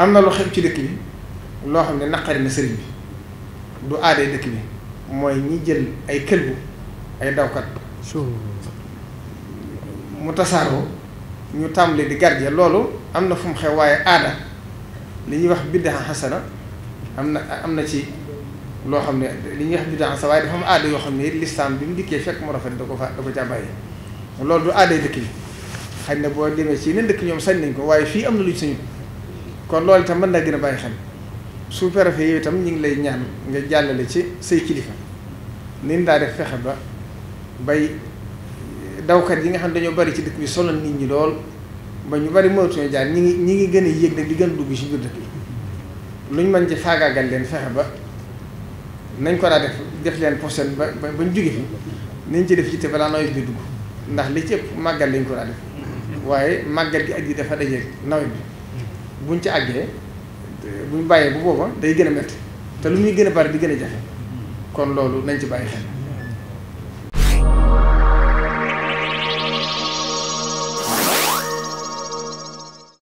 am na lu xew ci dëkk bi loo xam ne naqari na sëriñ bi du aadee dëkk bi mooy ñi jël ay këlbu ay dawkat mu tasaaroo ñu tàmbalee di gardien loolu am na fu mu xew waaye aada li ñuy wax biddaa xasana am na am na ci loo xam ne li ñu wax biddaa xasana waaye dafa am aada yoo xam ne lislaam bi mu dikkee fekk mu rafet da ko fa da ko jàmbaay loolu du aadee dëkk bi xëy na boo demee ci yeneen dëkk ñoom sañ nañ ko waaye fii am na lu ci sañu kon loolu itam mën naa gën a bàyyi xel sous-préfet yooyu itam ñu ngi lay ñaan nga jàllale ci say kilifa nin daa def fexe ba bay dawkat yi nga xam ne dañoo bari ci dëkk bi sonal nit ñi lool ba ñu bari mënatuñu jaar ñi ngi ñi ngi gën a yéeg nag di gën a dugg ci biir dëkk bi luñ mën ci faagaagal leen fexe ba nañ ko daa def def leen posen ba ba bañ jóge fi nañ ci def yitte balaa nawet bi dugg ndax li ci ëpp màggal lañ ko daa def waaye màggal gi ak yi dafa dajeeg nawet bi buñ ci àggee buñ bàyyee bu booba day gën a métti te lu muy gën a bari di gën a jafe kon loolu nañ ci bàyyi xel.